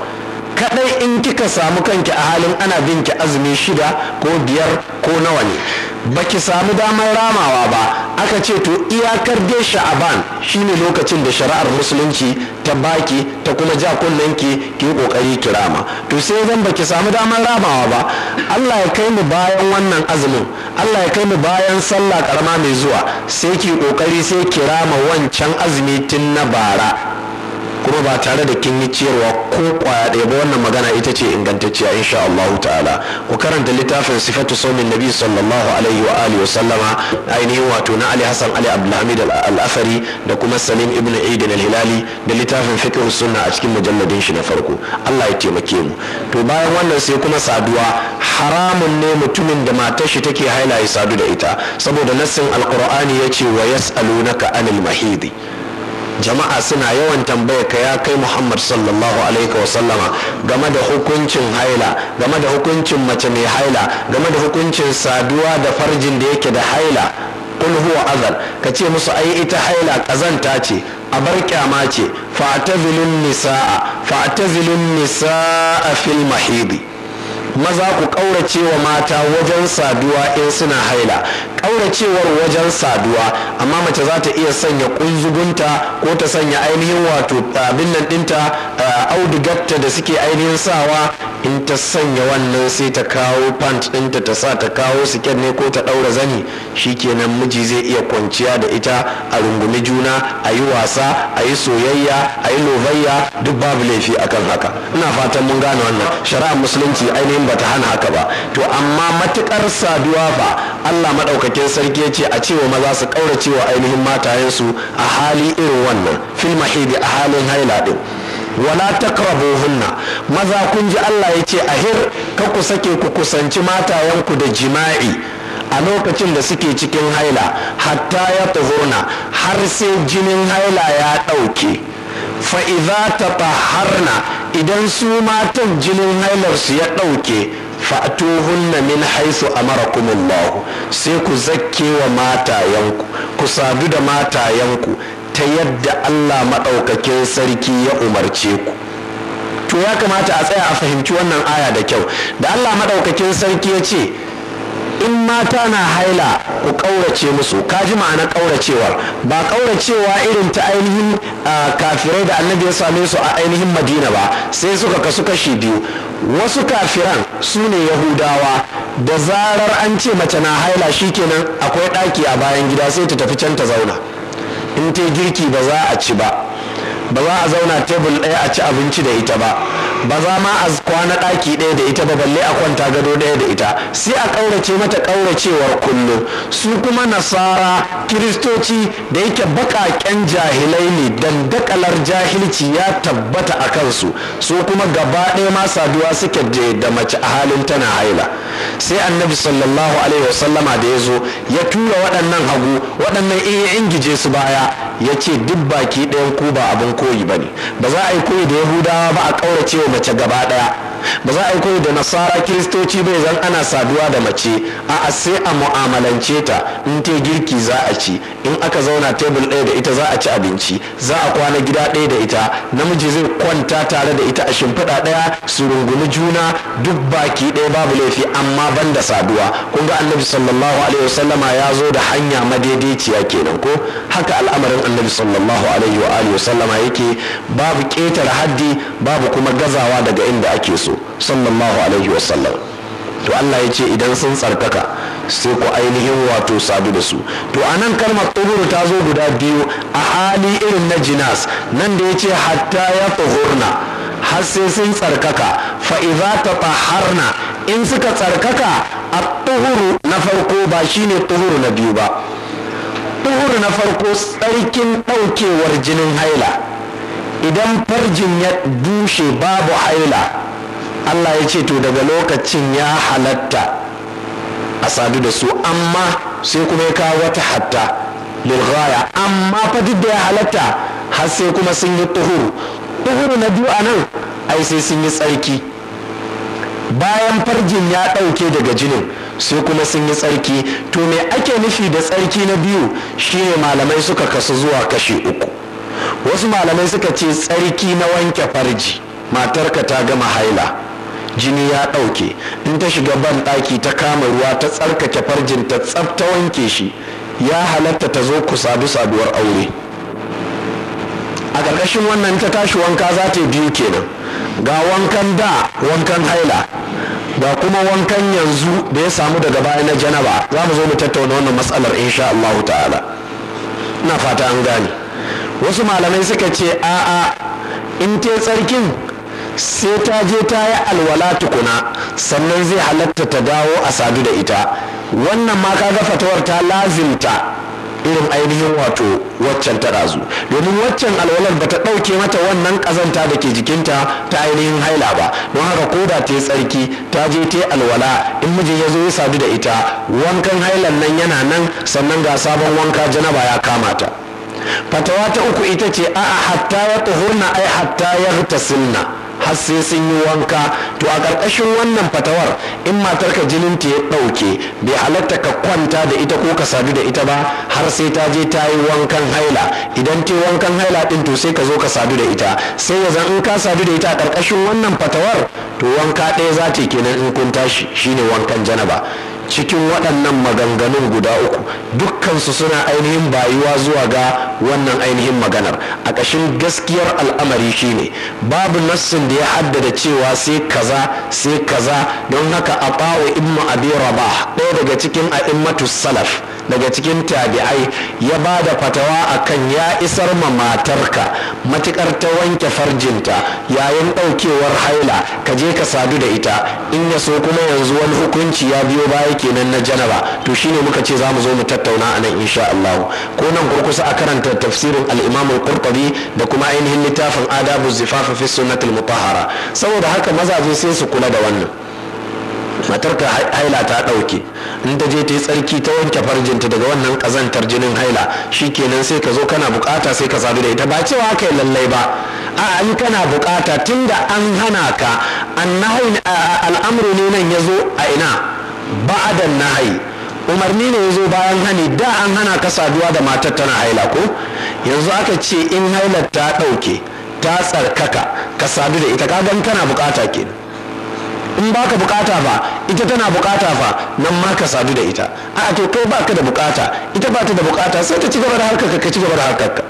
kadai in kika samu kanki a halin ana binki azumi shida ko biyar ko nawa ne Ba ki samu damar ramawa ba aka ce to iyakar dai sha'aban shine lokacin da shari'ar musulunci ta baki ta kuma ja kunnenki ki yi kokari ki rama to sai zan ki samu damar ramawa ba Allah ya kai mu bayan wannan azumin Allah ya kai mu bayan sallah karama mai zuwa sai ki kokari sai ki rama wancan azumi tun na bara kuma ba tare da kin yi ciyarwa ko kwaya ɗaya ba wannan magana ita ce ingantacciya insha Allah ta'ala ku karanta littafin sifatu saumin nabi sallallahu alaihi wa alihi sallama ainihin wato na Ali Hassan Ali Abdulhamid al-Afari da kuma Salim ibn Eid al-Hilali da littafin fiqh sunna a cikin mujalladin shi na farko Allah ya taimake mu to bayan wannan sai kuma saduwa haramun ne mutumin da matar shi take haila ya sadu da ita saboda nassin alqur'ani yace wa yas'alunaka anil mahidi jama'a suna yawan tambaya ka ya kai muhammad sallallahu alaihi wasallama game da hukuncin haila game da hukuncin mace mai haila game da hukuncin saduwa da farjin da yake da haila kul huwa azal ka ce musu ai ita haila kazanta ce a bar kyama ce fa'tazilun nisaa fa'tazilun nisaa fil mahidi maza ku ƙauracewa mata wajen saduwa in suna haila ƙauracewar wajen saduwa amma mace za ta iya sanya ƙunzugunta ko ta sanya ainihin wato eh, abin nan ɗinta eh, audigatta da suke ainihin sawa in ta sanya wannan sai ta kawo pant ɗinta ta sa ta kawo siket ne ko ta ɗaura zani shikenan miji zai iya kwanciya da ita a rungumi juna a yi wasa a yi soyayya a yi lovayya duk babu laifi akan haka ina fatan mun gane wannan shari'ar musulunci ainihin ba bata hana haka ba to amma matukar saduwa ba Allah madaukakin sarki yace a cewa maza su kaurace wa ainihin matayensu a hali irin wannan fil mahidi a halin haila din wala taqrabuhunna maza kun ji Allah yace ahir ka ku sake ku kusanci matayenku da jima'i a lokacin da suke cikin haila hatta ya tuhurna har sai jinin haila ya ɗauke fa'iza ta harna idan su matan jinin hailar su ya ɗauke fa'atuhunna min haisu a mara amarakumullahu sai ku zakke wa matayenku ku sadu da matayenku ta yadda Allah maɗaukakin sarki ya umarce ku to ya kamata a tsaya a fahimci wannan aya da kyau da Allah maɗaukakin sarki ya ce in mata na haila ku ƙaurace musu ka ji ma'ana ƙauracewar ba ƙauracewa irin ta ainihin kafirai da annabi ya same su a ainihin madina ba sai suka kasu kashi biyu wasu kafiran su ne yahudawa da zarar an ce mace na haila shi shikenan akwai ɗaki a bayan gida sai ta tafi can ta zauna in ta girki ba za a ci ba ba za a zauna tebul ɗaya a ci abinci da ita ba ba za ma a kwana ɗaki ɗaya da ita ba balle a kwanta gado ɗaya da ita sai a ƙaurace mata ƙauracewar kullum su kuma nasara kiristoci da yake baƙaƙen jahilai ne dandakalar jahilci ya tabbata a kansu su kuma gaba ɗaya ma saduwa suke je da mace a halin tana haila sai annabi sallallahu alaihi wasallama da ya zo ya tura waɗannan hagu waɗannan iya ingije su baya ya ce duk baki ɗayan ku ba abin koyi ba ne ba za a yi koyi da yahudawa ba a ƙaurace wa mace gaba ɗaya ba za a yi koyi da nasara kiristoci bai zan ana saduwa da mace a sai a mu'amalance ta in ta girki za a ci in aka zauna tebul ɗaya da ita za a ci abinci za a kwana gida ɗaya da ita namiji zai kwanta tare da ita a shimfiɗa ɗaya su rungumi juna duk baki ɗaya babu laifi amma ban da saduwa kun ga annabi sallallahu alaihi wasallama ya zo da hanya madaidaiciya kenan ko haka al'amarin annabi sallallahu alaihi wa alihi wasallama yake babu ƙetare haddi babu kuma gazawa daga inda ake so sallallahu alaihi wasallam to Allah ya idan sun tsarkaka sai ku ainihin wato sadu da su to a nan kalmar tuhuru ta zo guda biyu a hali irin na jinas nan da ya ce hatta ya tuhurna har sai sun tsarkaka fa'iza ta taharna in suka tsarkaka a tuhuru na farko ba shine tuhuru na biyu ba tuhuru na farko tsarkin ɗaukewar jinin haila idan farjin ya bushe babu haila Allah ya ce to daga lokacin ya halatta a sadu da su amma sai kuma ya kawo wata hatta lilghaya amma fa duk da ya halatta har sai kuma sun yi tuhuru tuhuru na biyu a nan ai sai sun yi tsarki bayan farjin ya ɗauke daga jinin sai kuma sun yi tsarki to me ake nufi da tsarki na biyu shine malamai suka kasu zuwa kashe uku wasu malamai suka ce tsarki na wanke farji matarka ta gama haila jini ya ɗauke in ta shiga ban ɗaki ta kama ruwa ta tsarkake farjin ta tsafta wanke shi ya halatta ta zo ku sadu saduwar aure a ƙarƙashin wannan ta tashi wanka za ta biyu kenan ga wankan da wankan haila ga kuma wankan yanzu da ya samu daga baya na janaba za mu zo mu tattauna wannan matsalar insha Allah ta'ala ina fata an gane wasu malamai suka ce a'a in te tsarkin sai ta je ta yi alwala tukuna sannan zai halatta ta dawo a sadu da ita wannan ma kaga fatawar ta lazimta irin ainihin wato waccan ta razu domin waccan alwalar ba ta ɗauke mata wannan ƙazanta da ke jikinta ta ainihin haila ba don haka ko da ta yi tsarki ta je ta yi alwala in mijin ya zo ya sadu da ita wankan hailan nan yana nan sannan ga sabon wanka janaba ya kama ta fatawa ta uku ita ce a'a hatta ya tuhurna ai hatta ya silna har sai sun yi wanka to a ƙarƙashin wannan fatawar in matarka jinin ta ya ɗauke bai halatta ka kwanta da ita ko ka sadu da ita ba har sai ta je ta yi wankan haila idan ta yi wankan haila ɗin to sai ka zo ka sadu da ita sai ya in ka sadu da ita a ƙarƙashin wannan fatawar to wanka ɗaya za ta kenan in kun tashi shine wankan janaba cikin waɗannan maganganun guda uku dukkansu suna ainihin bayuwa zuwa ga wannan ainihin maganar a ƙashin gaskiyar al'amari shine babu nassin da ya haddada cewa sai kaza sai kaza don haka a imma abi rabah ɗaya daga cikin a'immatu salaf daga cikin tabi'ai ya ba da fatawa akan ya isar ma matarka matukar ta wanke farjinta yayin daukewar haila ka je ka sadu da ita in ya so kuma yanzu wani hukunci ya biyo baya kenan na janaba to shine muka ce za mu zo mu tattauna a nan insha Allah ko nan kurkusa a karanta tafsirin al-Imam al-Qurtubi da kuma ainihin littafin adabu zifafa fi sunnatul mutahhara saboda haka mazaje sai su kula da wannan matar ka haila ta ɗauke in ta je ta yi tsarki ta wanke farjinta daga wannan ƙazantar jinin haila shikenan sai ka zo kana bukata sai ka sadu da ita ba cewa yi lallai ba a in kana bukata tunda an hana ka al'amru ne nan ya zo a ina ba'adan nahayi umarni ne ya zo bayan hani da an hana ka saduwa da matar tana haila ko yanzu aka ce in hailar ta ɗauke ta tsarkaka ka sadu da ita kagan kana bukata kenan in baka bukata ba ita tana bukata fa nan ma ka sadu da ita a to kai baka da bukata ita bata da bukata sai ta ci gaba da harkarka ka ci gaba da harkarka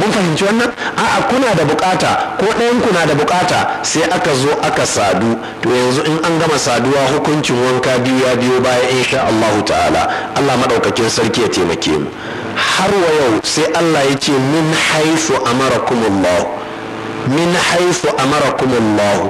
mun fahimci wannan a'a kuna da bukata ko ɗayan kuna da bukata sai aka zo aka sadu to yanzu in an gama saduwa hukuncin wanka biyu ya biyo baya sha Allahu ta'ala Allah madaukakin sarki ya taimake mu har wa yau sai Allah ya ce min haifu amarakumullahu min haifu amarakumullahu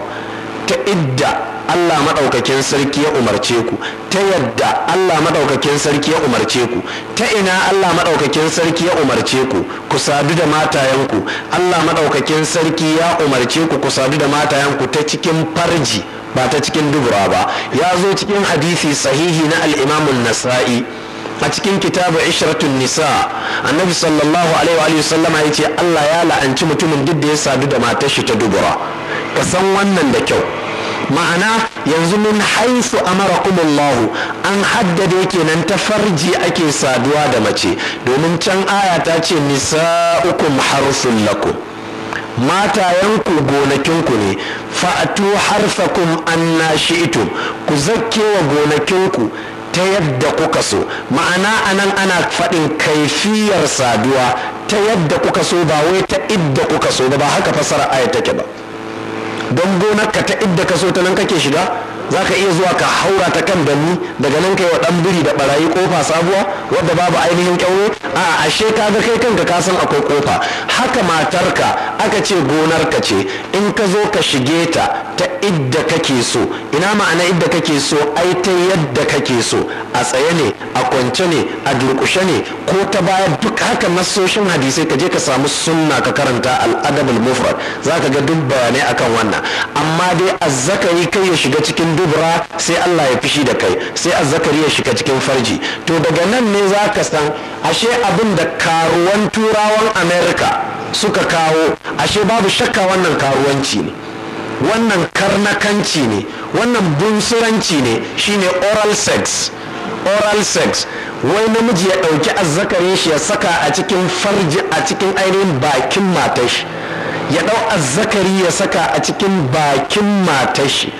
ta idda Allah maɗaukakin sarki ya umarce ku ta yadda Allah maɗaukakin sarki ya umarce ku ta ina Allah maɗaukakin sarki ya umarce ku ku sadu da matayenku Allah maɗaukakin sarki ya umarce ku ku sadu da matayenku ta cikin farji ba ta cikin dubura ba ya zo cikin hadisi sahihi na al'imamun nasa'i a cikin kitabu ishratun nisa annabi sallallahu alaihi wa sallama ya ce Allah ya la'anci mutumin duk da ya sadu da matar shi ta dubura ka san wannan da kyau ma'ana yanzu a haisu amarakumullahu an haddade kenan ta farji ake saduwa da mace domin can aya ta ce nisa nisa'ukum harsun lakum matayenku gonakinku ne fa'atu harfakum anna shi'itum ku zakke wa gonakinku ta yadda kuka so ma'ana anan ana faɗin kaifiyar saduwa ta yadda kuka so ba wai ta idda kuka so ba ba haka fasara aya take ba don gonar ka ta idda ka so ta nan kake shiga za ka iya zuwa ka haura ta kan dani daga nan kai wa ɗan biri da barayi kofa sabuwa wadda babu ainihin kyauro a ashe ka ga kai kanka ka san akwai kofa haka matarka aka ce gonar ka ce in ka zo ka shige ta ta idda kake so ina ma'ana idda kake so ai ta yadda kake so a tsaye ne a kwance ne a durƙushe ne ko ta baya duk haka nasoshin hadisai ka je ka samu sunna ka karanta al'adabul mufrad za ka ga duk bayanai akan wannan amma dai azzakari kai ya shiga cikin dubra sai Allah ya fishi da kai sai azzakari ya shiga cikin farji to daga nan ne za ka san ashe abin da karuwan turawan Amerika suka kawo ashe babu shakka wannan karuwanci ne wannan karnakanci ne wannan bunsuranci ne shine oral sex oral sex wai namiji ya ɗauki azzakarin shi ya saka a cikin farji a cikin ainihin bakin matashi ya ɗau azzakari ya saka a cikin bakin matashi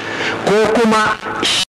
ko kuma